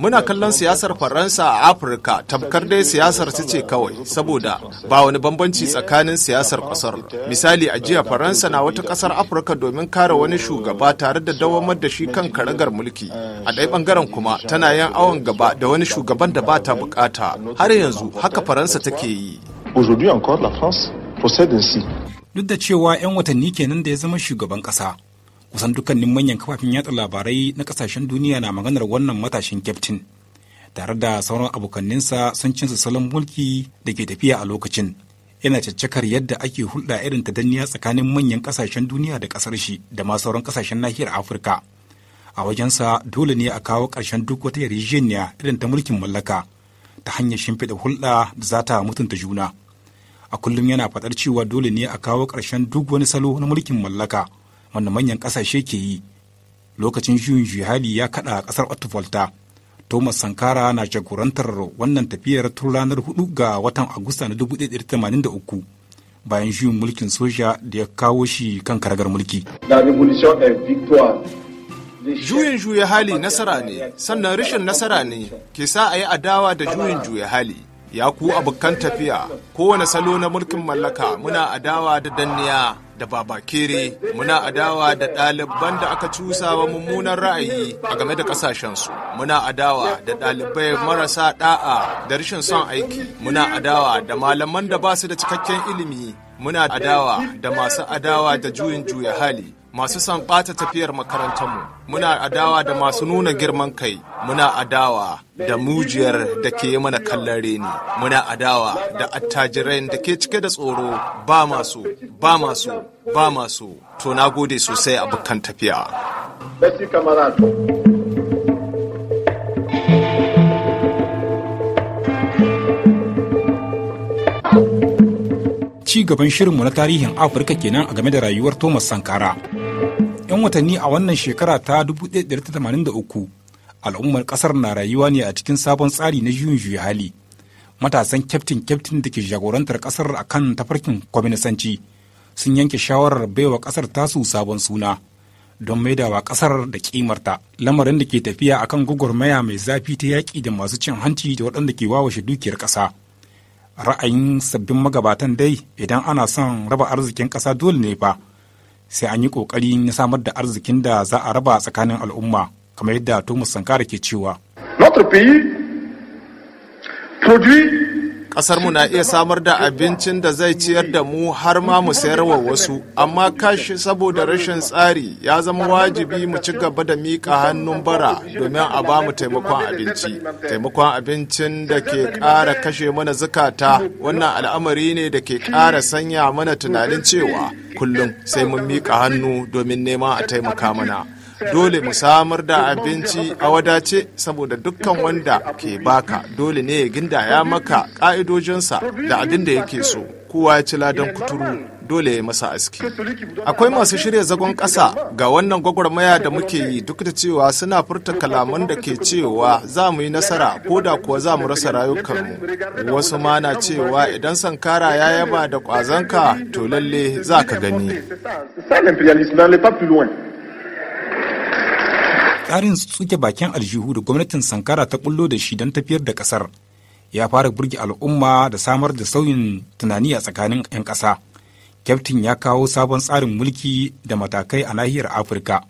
muna kallon siyasar faransa a afirka tamkar dai siyasar ta ce kawai saboda ba wani bambanci tsakanin siyasar kasar misali a jiya faransa na wata kasar afirka domin kare wani shugaba tare da dawamar da shi kan karagar mulki a ɗaya bangaren kuma tana yin awon gaba da wani shugaban da ba ta bukata har yanzu haka faransa take yi duk da cewa 'yan watanni kenan da ya zama shugaban ƙasa kusan dukkanin manyan kafafen yatsa labarai na kasashen duniya na maganar wannan matashin kyaftin tare da sauran abokanninsa sun cinsa salon mulki da ke tafiya a lokacin yana caccakar yadda ake hulɗa irin ta danniya tsakanin manyan kasashen duniya da ƙasar shi da ma sauran kasashen nahiyar afirka a wajensa dole ne a kawo ƙarshen duk wata yarjejeniya irin ta mulkin mallaka ta hanyar shimfiɗa hulɗa da za ta mutunta juna a kullum yana faɗar cewa dole ne a kawo ƙarshen duk wani salo na mulkin mallaka wanda manyan ƙasashe ke yi lokacin juyin jihadi ya kaɗa a ƙasar Otuvolta. Thomas Sankara na jagorantar wannan tafiyar tun ranar 4 ga watan Agusta na 1983 bayan juyin mulkin soja da ya kawo shi kan karagar mulki. Juyin juya hali nasara ne, sannan rashin nasara ne ke sa a yi adawa da juyin juya hali. Ya ku abokan tafiya, kowane salo na mulkin mallaka muna adawa da danniya. da babakere muna adawa da ɗaliban da aka cusawa mummunan ra'ayi a game da ƙasashensu muna adawa da ɗalibai marasa ɗa'a da rashin son aiki muna adawa da malaman da ba su da cikakken ilimi muna adawa da masu adawa da juyin juya hali masu son ɓata tafiyar makarantarmu muna adawa da masu nuna girman kai muna adawa da mujiyar da ke mana kallon reni muna adawa da attajirai da ke cike da tsoro ba masu ba masu ba masu to na gode sosai abokan tafiya ci gaban shirinmu na tarihin afirka kenan a game da rayuwar thomas sankara 'yan watanni a wannan shekara ta 1983 al'ummar kasar na rayuwa ne a cikin sabon tsari na juyin juya hali matasan kyaftin kyaftin da ke jagorantar kasar a kan tafarkin kwaminisanci sun yanke shawarar baiwa kasar tasu sabon suna don maidawa kasar da kimarta lamarin da ke tafiya a akan gwagwarmaya mai zafi ta yaƙi da masu cin hanci da waɗanda ke wawashe dukiyar ƙasa ra'ayin sabbin magabatan dai idan ana son raba arzikin ƙasa dole ne fa sai an yi kokari na samar da arzikin da za a raba tsakanin al'umma kamar yadda Thomas Sankara ke cewa. Notre pays produit kasarmu mu na iya samar da abincin da zai ciyar da mu har ma mu sayar wa wasu amma kashi saboda rashin tsari ya zama wajibi mu ci gaba da mika hannun bara domin a ba mu taimakon abinci taimakon abincin da ke ƙara kashe mana zukata wannan al'amari ne da ke kara sanya mana tunanin cewa kullum sai mun mika hannu domin neman a taimaka mana dole mu samar da abinci a wadace saboda dukkan wanda ke baka dole ne ya gindaya maka ka'idojinsa da abin da yake so kowa ya ci ladan kuturu dole ya masa aski akwai masu shirya zagon ƙasa ga wannan gwagwarmaya da muke yi duk da cewa suna furta kalaman da ke cewa za mu yi nasara ko da kuwa za mu rasa rayukanmu wasu ma na cewa idan sankara ya yaba da kwazanka to lalle za ka gani ƙarin tsuke bakin aljihu da gwamnatin sankara ta bullo da shi don tafiyar da ƙasar ya fara burge al'umma da samar da sauyin tunani a tsakanin 'yan ƙasa kyaftin ya kawo sabon tsarin mulki da matakai a nahiyar afirka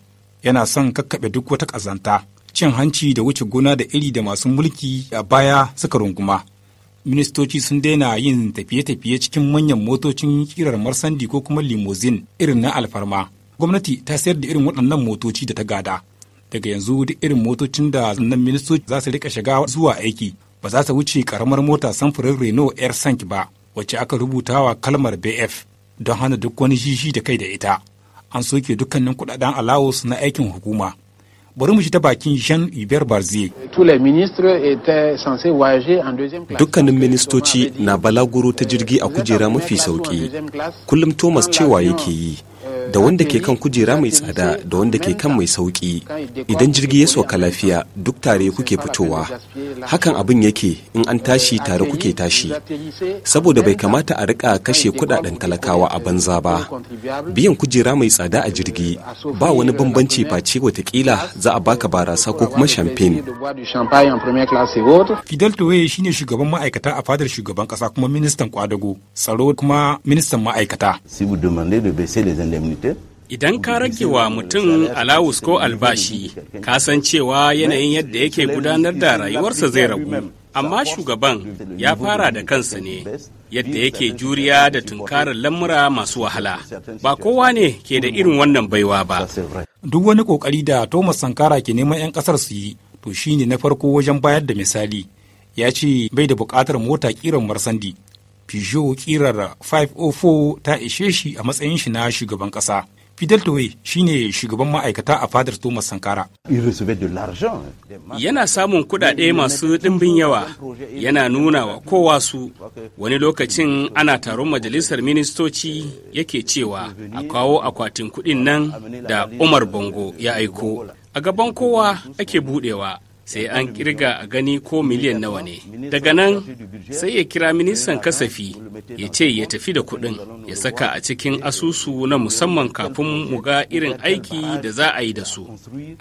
yana son kakkaɓe duk wata ƙazanta cin hanci da wuce gona da iri da masu mulki a baya suka runguma ministoci sun daina yin tafiye-tafiye cikin manyan motocin kirar marsandi ko kuma limousine irin na alfarma gwamnati ta sayar da irin waɗannan motoci da ta gada daga yanzu duk irin motocin da nan ministoci za su rika shiga zuwa aiki ba za su wuce karamar mota samfurin renault air sank ba wacce aka rubuta wa kalmar bf don hana duk wani shishi da kai da ita an soke dukkanin kudaden alawus na aikin hukuma bari mu shi ta bakin jean hubert barzier dukkanin ministoci na balaguro ta jirgi a kujera mafi sauki kullum thomas cewa yake yi da wanda ke kan kujera mai tsada da wanda ke kan mai sauki idan jirgi ya soka lafiya duk tare kuke fitowa hakan abin yake in an tashi tare kuke tashi saboda bai kamata a rika kashe kudaden talakawa a banza ba biyan kujera mai tsada a jirgi ba wani bambanci face watakila za a baka barasa ko kuma champagne fidel toye shine shugaban ma'aikata a fadar shugaban kasa kuma ministan kwadago tsaro kuma ministan ma'aikata si Idan ka rage wa mutum alawus ko albashi, ka san cewa yanayin yadda yake gudanar da rayuwarsa zai ragu. Amma shugaban ya fara da kansa ne, yadda yake juriya da tunkarar lamura masu wahala. Ba kowa ne ke da irin wannan baiwa ba. Duk wani kokari da Thomas Sankara ke neman 'yan kasar su yi, to shi ne na farko wajen bayar da misali. Ya ce bai da bukatar mota kiran marsandi Peugeot kirar 504 ta ishe shi a matsayin shi na shugaban ƙasa. Fidel Towe shine shugaban ma'aikata a fadar Thomas Sankara. Yana samun kuɗaɗe masu ɗimbin yawa, yana nuna wa kowa su wani lokacin ana taron majalisar ministoci yake cewa a kawo akwatin kuɗin nan da Umar Bongo ya aiko. A gaban kowa ake buɗewa. sai an kirga a gani ko miliyan nawa ne daga nan sai ya kira ministan kasafi ya ce ya tafi da kuɗin ya saka a cikin asusu na musamman kafin mu ga irin aiki da za a yi da su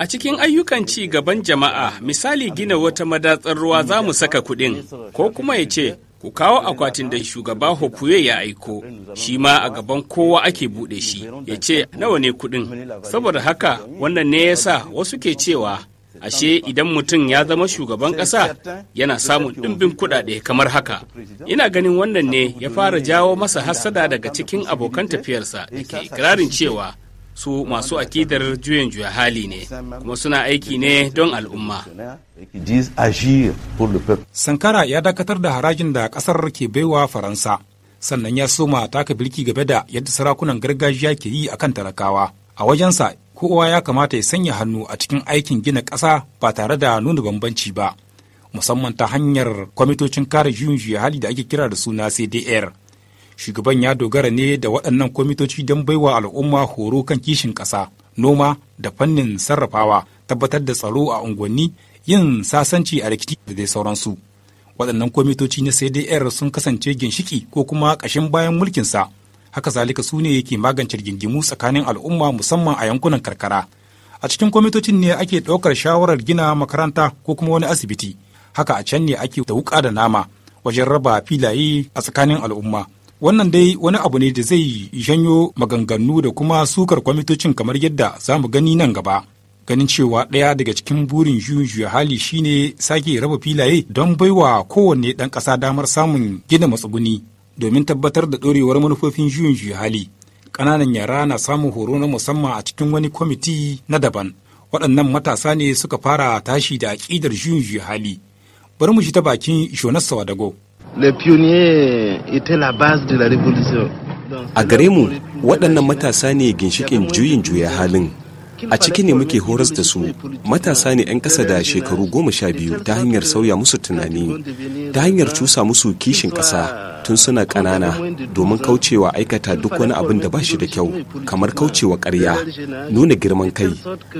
a cikin ayyukan ci gaban jama'a misali gina wata madatsar ruwa za mu saka kuɗin ko kuma ya ce ku kawo akwatin da shugaba Hopuye ya aiko shi ma a gaban kowa ake buɗe shi ya ce nawa ne kuɗin saboda haka wannan ne yasa wasu ke cewa ashe idan mutum ya zama shugaban ƙasa yana samun ɗimbin kuɗaɗe kamar haka ina ganin wannan ne ya fara jawo masa hassada daga cikin abokan tafiyarsa da ke ikirarin cewa su masu akidar juyin juya hali ne kuma suna aiki ne don al'umma sankara ya dakatar da harajin da ƙasar ke baiwa faransa sannan ya soma taka bilki game da yadda sarakunan gargajiya ke yi akan talakawa a wajensa kowa ya kamata ya sanya hannu a cikin aikin gina ƙasa ba tare da nuna bambanci ba musamman ta hanyar kwamitocin kare juyin hali da ake kira da suna cdr shugaban ya dogara ne da waɗannan kwamitoci don baiwa al'umma horo kan kishin ƙasa noma da fannin sarrafawa tabbatar da tsaro a unguwanni yin sasanci a rikici da dai sauransu waɗannan kwamitoci na cdr sun kasance ginshiki ko kuma ƙashin bayan mulkinsa haka zalika su ne yake magance rigingimu tsakanin al'umma musamman a yankunan karkara a cikin kwamitocin ne ake ɗaukar shawarar gina makaranta ko kuma wani asibiti haka a can ne ake da wuƙa da nama wajen raba filaye a tsakanin al'umma wannan dai wani abu ne da zai janyo maganganu da kuma sukar kwamitocin kamar yadda za mu gani nan gaba ganin cewa ɗaya daga cikin burin juyin hali shine sake raba filaye don baiwa kowanne ɗan ƙasa damar samun gina matsuguni domin tabbatar da ɗorewar manufofin juyin juya hali ƙananan yara na samun horo na musamman a cikin wani kwamiti na daban waɗannan matasa ne suka fara tashi da aƙidar juyin juya hali bari mu shi ta bakin shonas sawadago a gare mu waɗannan matasa ne ginshikin juyin juya halin a ciki ne muke horas da su matasa ne 'yan kasa da shekaru goma sha biyu ta hanyar sauya musu tunani ta hanyar cusa musu kishin kasa tun suna ƙanana domin kaucewa aikata duk wani abin da ba shi da kyau kamar kaucewa karya nuna girman kai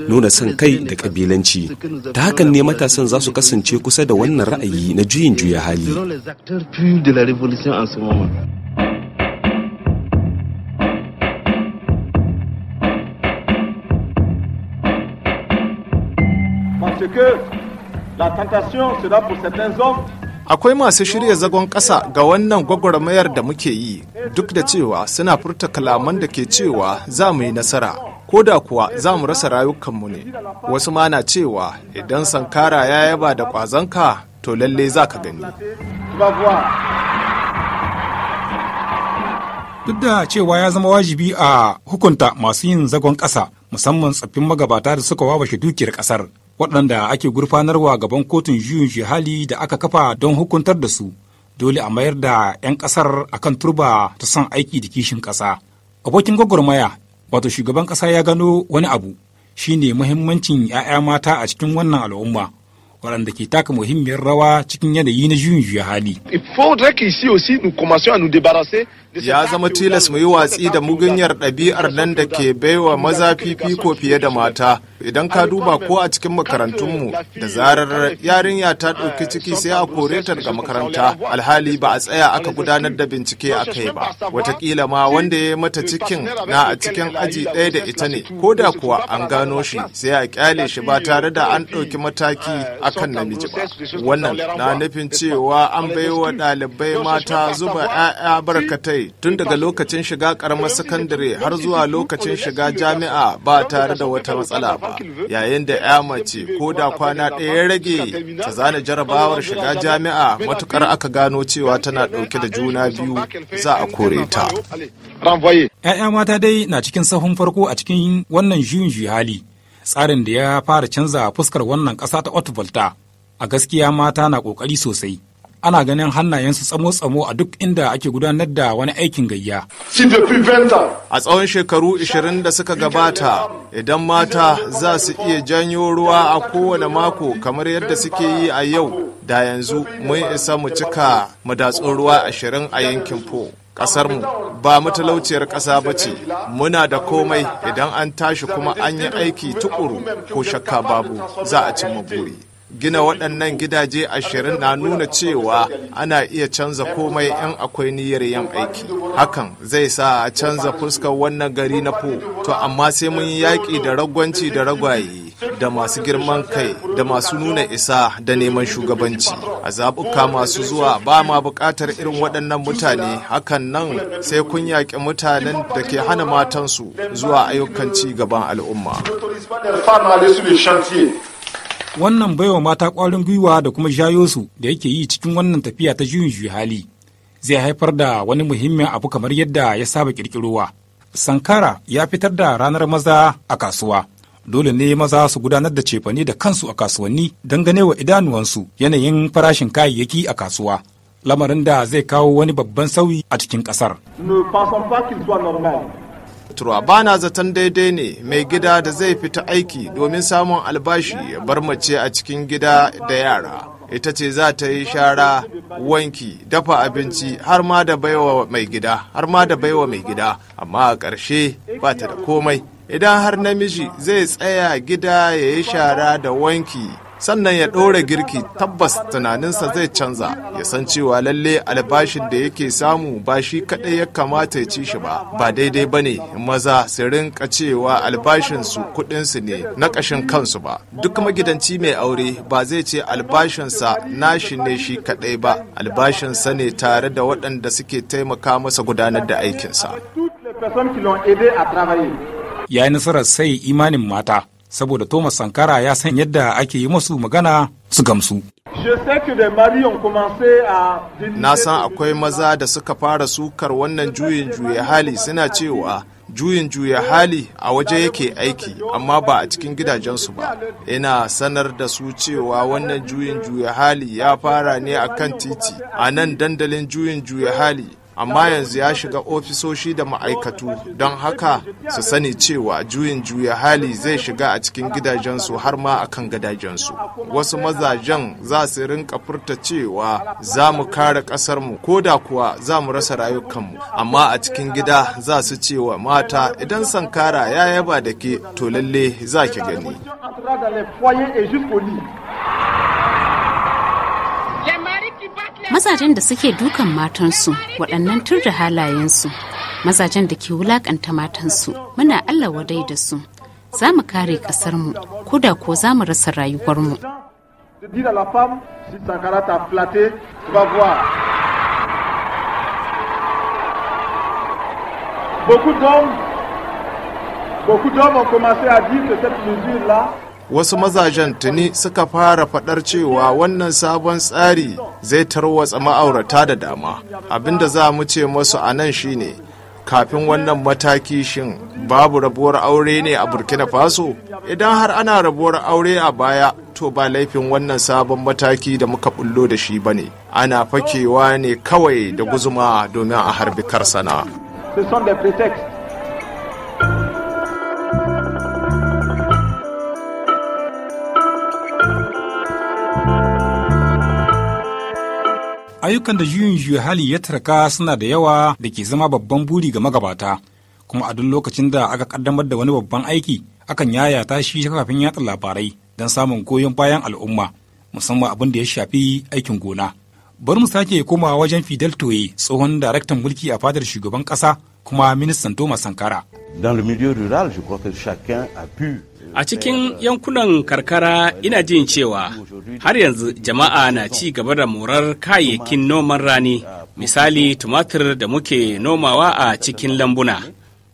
nuna son kai da kabilanci ta hakan ne matasan za su kasance kusa da wannan ra'ayi na juyin juya hali que la tentation sera pour certains hommes akwai masu shirya zagon ƙasa ga wannan gwagwarmayar da muke yi duk da cewa suna furta kalaman da ke cewa za mu yi nasara ko da kuwa za mu rasa rayukanmu ne wasu ma na cewa idan sankara ya yaba da ƙwazonka to lalle za ka gani duk da cewa ya zama wajibi a hukunta masu yin zagon ƙasa musamman tsaffin magabata da suka wabashe dukiyar ƙasar waɗanda ake gurfanarwa gaban kotun juyin jihali da aka kafa don hukuntar da su dole a mayar da 'yan ƙasar a kan turba ta son aiki da kishin ƙasa abokin gwagwarmaya wato shugaban ƙasa ya gano wani abu shine muhimmancin 'ya'ya mata a cikin wannan al'umma waɗanda ke taka muhimmiyar rawa cikin yanayi na juyin juya hali. ya zama tilas mu yi watsi da mugunyar ɗabi'ar nan da ke baiwa maza fifiko fiye da mata idan ka duba ko a cikin makarantunmu da zarar yarinya ta ɗauki ciki sai a kore ta daga makaranta alhali ba a tsaya aka gudanar da bincike a kai ba watakila ma wanda ya mata cikin na a cikin aji ɗaya da ita ne ko da kuwa an gano shi sai a kyale shi ba tare da an ɗauki mataki akan namiji ba wannan na nufin cewa an baiwa ɗalibai mata zuba 'ya'ya barkatai tun daga lokacin shiga karamar sakandare har zuwa lokacin shiga jami'a ba tare da wata matsala ba yayin da ya mace ko da kwana ɗaya ya rage ta zana jarabawar shiga jami'a matukar aka gano cewa tana ɗauke da juna biyu za a kore ta. ‘Ya'ya mata dai na cikin sahun farko a cikin wannan juyin hali tsarin da ya fara canza fuskar wannan ƙasa ta Otvolta a gaskiya mata na ƙoƙari sosai. ana ganin hannayensu tsamo-tsamo a duk inda ake gudanar da wani aikin gayya. A tsawon shekaru 20 da suka gabata, idan mata za su iya janyo ruwa a kowane mako kamar yadda suke yi a yau, da yanzu mun isa mu cika madatsun ruwa 20 a yankin Po. ƙasarmu ba matalauciyar ƙasa ba ce muna da komai idan an tashi kuma an yi aiki tukuru ko shakka babu za a cimma buri. gina waɗannan gidaje ashirin na nuna cewa ana iya canza komai yan akwai niyyar yin aiki hakan zai sa a canza fuskar wannan gari na po to amma sai mun yi yaƙi da ragwanci da ragwaye da masu girman kai da masu nuna isa da neman shugabanci a zabuka masu zuwa ba ma buƙatar irin waɗannan mutane hakan nan sai kun yaƙi mutanen da ke hana matansu zuwa ayyukan ci gaban al'umma wannan baiwa mata ƙwarin gwiwa da kuma jayo su da yake yi cikin wannan tafiya ta juyin juyi hali zai haifar da wani muhimmin abu kamar yadda ya saba kirkirowa sankara ya fitar da ranar maza a kasuwa dole ne maza su gudanar da cefane da kansu a kasuwanni don gane wa idanuwansu yanayin farashin kayayyaki a kasuwa lamarin da zai kawo wani babban sauyi a cikin ƙasar. Turwa bana zaton daidai ne mai gida da zai fita aiki domin samun albashi ya bar mace a cikin gida da yara. Ita ce za ta yi shara, wanki, dafa abinci har ma da baiwa mai gida, har ma da baiwa mai gida, amma a ƙarshe ba ta da komai. Idan har namiji zai tsaya gida ya yi shara da wanki sannan ya ɗora girki tabbas tunaninsa zai canza ya san cewa lalle albashin da yake samu ba shi kaɗai ya kamata ya ci shi ba ba daidai ba ne maza su rinka cewa albashinsu kuɗinsu ne na ƙashin kansu ba duk magidanci mai aure ba zai ce albashinsa nashi ne shi kaɗai ba albashinsa ne tare da waɗanda suke taimaka masa gudanar da aikinsa ya yi nasarar sai imanin mata saboda Thomas Sankara ya san yadda ake yi musu magana su gamsu. Na san akwai maza da suka fara sukar wannan juyin juya hali suna cewa juyin juya hali a waje yake aiki amma ba a cikin gidajensu ba ina sanar da su cewa wannan juyin juya hali ya fara ne a kan titi a nan dandalin juyin juya hali amma yanzu ya shiga ofisoshi da ma'aikatu don haka su sani cewa juyin juya hali zai shiga a cikin gidajensu har ma a kan gadajensu wasu mazajen za su rinka furta cewa za mu kare ƙasarmu ko da kuwa za mu rasa rayukanmu amma a cikin gida za su cewa mata idan sankara ya yaba da ke to lalle za ki gani mazajen da suke dukan matansu waɗannan tur da halayensu mazajen da ke wulakanta matansu muna allah wadai da su za mu kare ƙasarmu ko da ko za mu rasa rayuwarmu Beaucoup d'hommes, beaucoup d'hommes ont commencé à dire que cette mesure-là wasu mazajen tuni suka fara faɗar cewa wannan sabon tsari zai tarwatsa ma'aurata da dama abinda za mu ce masu a nan shine kafin wannan mataki shin babu rabuwar aure ne a burkina faso idan har ana rabuwar aure a baya to ba laifin wannan sabon mataki da muka bullo da shi bane ana fakewa ne kawai da guzuma domin a harbi karsana. ayyukan da juyin juya hali ya tarka suna da yawa da ke zama babban buri ga magabata kuma a duk lokacin da aka kaddamar da wani babban aiki akan yayata shi kafin yatsa labarai don samun goyon bayan al'umma musamman abin da ya shafi aikin gona bari mu sake komawa wajen fidel toye tsohon daraktan mulki a fadar shugaban kasa. kuma ministan Thomas Sankara. Euh, a cikin yankunan karkara ina jin cewa har yanzu jama'a na ci gaba da morar kayayyakin noman rani misali tumatir da muke nomawa a cikin lambuna.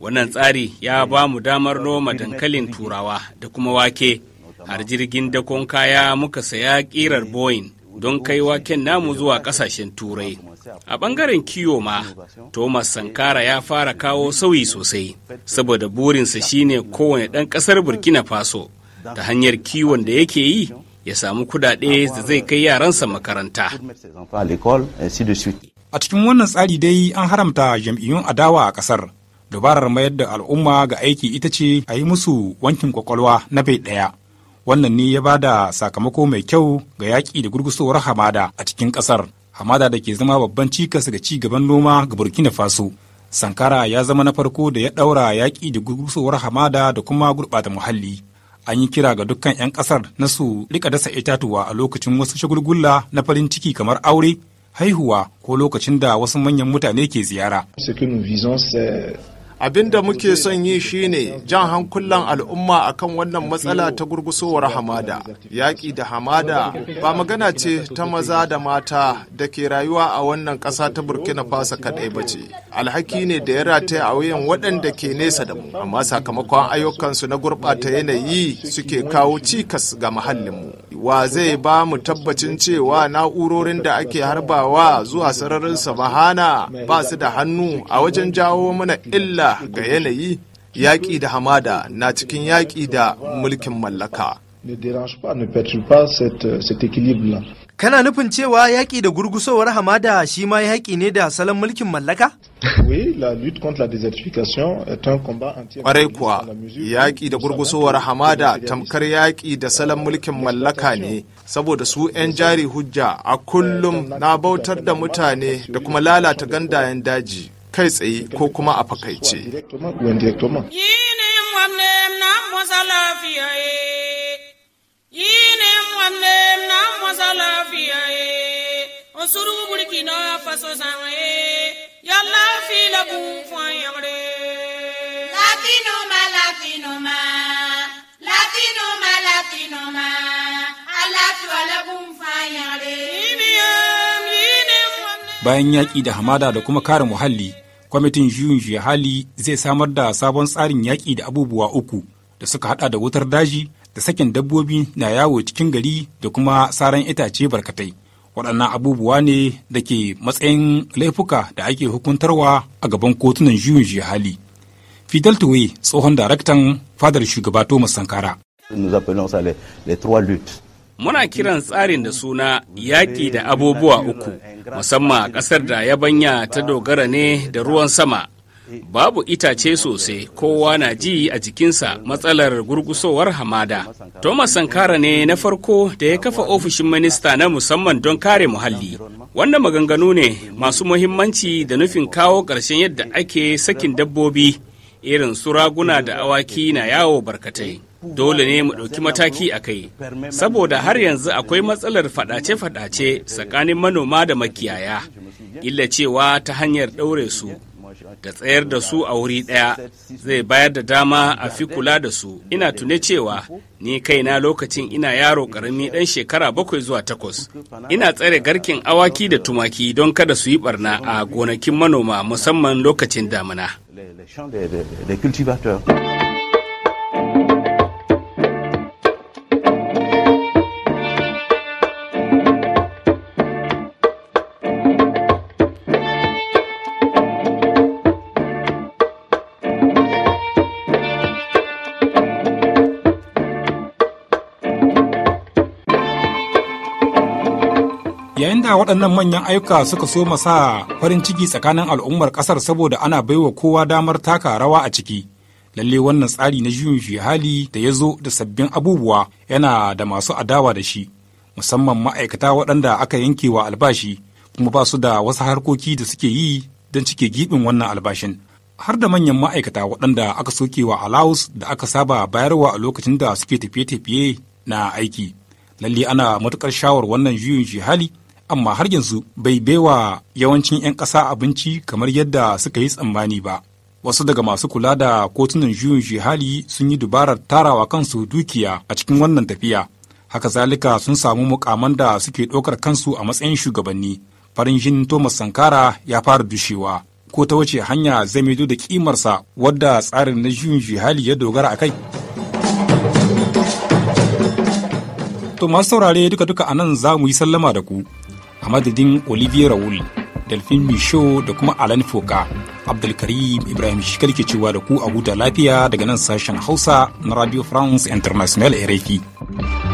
Wannan tsari ya ba mu damar noma dankalin turawa da kuma wake har jirgin dakon kaya muka saya kirar Boeing don kai waken namu zuwa kasashen turai a bangaren kiwo ma thomas sankara ya fara kawo sauyi sosai saboda burinsa shine kowane ɗan ƙasar burkina faso ta hanyar kiwon da yake yi ya samu kudade da zai kai yaransa makaranta a cikin wannan tsari dai an haramta jam'iyyun adawa a ƙasar dubarar mayar da al'umma ga aiki ita ce a yi musu wankin kwakwalwa na bai ɗaya wannan ne ya bada sakamako mai kyau ga yaƙi da gurgusowar hamada a cikin ƙasar hamada da ke zama babban cikas ga ci gaban noma ga burkina faso sankara ya zama na farko da ya ɗaura yaƙi da gurgusowar hamada da kuma gurɓata muhalli an yi kira ga dukkan 'yan ƙasar na su rika dasa itatuwa a lokacin wasu shagulgulla na farin ciki kamar aure haihuwa ko lokacin da wasu manyan mutane ke ziyara abin da muke son yi shine jan hankulan al'umma akan wannan matsala ta gurgusowar hamada yaƙi da hamada ba magana ce ta maza da mata da ke rayuwa a wannan ƙasa ta burkina faso kaɗai ba ce alhaki ne da ya rataya a wuyan waɗanda ke nesa da mu amma sakamakon ayyukansu na gurɓata yanayi suke kawo cikas ga mu. wa zai ba mu tabbacin cewa na'urorin da ake harbawa zuwa sararin sabahana ba su da hannu a wajen jawo mana illa biyayya ga yanayi yaƙi da hamada na cikin yaƙi da mulkin mallaka. Kana nufin cewa yaƙi da gurgusowar hamada shi ma yaƙi ne da salon mulkin mallaka? Ƙwarai kuwa, yaƙi da gurgusowar hamada tamkar yaƙi da salon mulkin mallaka ne, saboda su 'yan jari hujja a kullum na bautar da mutane da kuma lalata gandayen daji. kai tsaye ko kuma a fakaice. Bayan yaƙi da hamada da kuma kare muhalli, kwamitin juyin juya hali zai samar da sabon tsarin yaƙi da abubuwa uku da suka hada da wutar daji da sakin dabbobi na yawo cikin gari da kuma saran itace barkatai waɗannan abubuwa ne da ke matsayin laifuka da ake hukuntarwa a gaban kotunan juyin juya hali fidel tuwe tsohon daraktan fadar shugaba thomas sankara Nous appelons ça les, les trois luttes. Muna kiran tsarin da suna yaƙi da abubuwa uku, musamman a ƙasar da yabanya ta dogara ne da ruwan sama. Babu itace sosai kowa na ji a jikinsa matsalar gurgusowar hamada. Thomas Sankara ne na farko da ya kafa ofishin minista na musamman don kare muhalli. Wannan maganganu ne masu muhimmanci da nufin kawo ƙarshen yadda ake sakin dabbobi irin su raguna da awaki na yawo barkatai. dole ne mu ɗauki mataki a kai saboda har yanzu akwai matsalar faɗace-faɗace tsakanin manoma da makiyaya illa cewa ta hanyar ɗaure su da tsayar da su a wuri ɗaya zai bayar da dama a fi kula da su ina tune cewa ni kaina lokacin ina yaro ƙarami ɗan shekara bakwai zuwa takwas ina tsare garkin awaki da tumaki don kada su yi barna a gonakin manoma musamman lokacin damina waɗannan manyan ayyuka suka so masa farin ciki tsakanin al'ummar ƙasar saboda ana baiwa kowa damar taka rawa a ciki lalle wannan tsari na juyin hali da ya zo da sabbin abubuwa yana da masu adawa da shi musamman ma'aikata waɗanda aka yanke wa albashi kuma ba su da wasu harkoki da suke yi don cike giɓin wannan albashin har da manyan ma'aikata waɗanda aka soke wa alawus da aka saba bayarwa a lokacin da suke tafiye-tafiye na aiki lalle ana matuƙar shawar wannan juyin hali amma har yanzu bai baiwa yawancin 'yan ƙasa abinci kamar yadda suka yi tsammani ba. Wasu daga masu kula da kotunan juyin jihali sun yi dubarar tarawa kansu dukiya a cikin wannan tafiya. Haka zalika sun samu mukaman da suke ɗaukar kansu a matsayin shugabanni. Farin jinin Thomas Sankara ya fara dushewa. Ko ta wace hanya zai maido da kimarsa wadda tsarin na juyin jihali ya dogara a kai? To masu saurare duka-duka a nan za mu yi sallama da ku. a madadin olivier raul delphine michaud da kuma alan foka abdulkarim ibrahim shikar ke cewa da ku a huta lafiya daga nan sashen hausa na radio france international rfi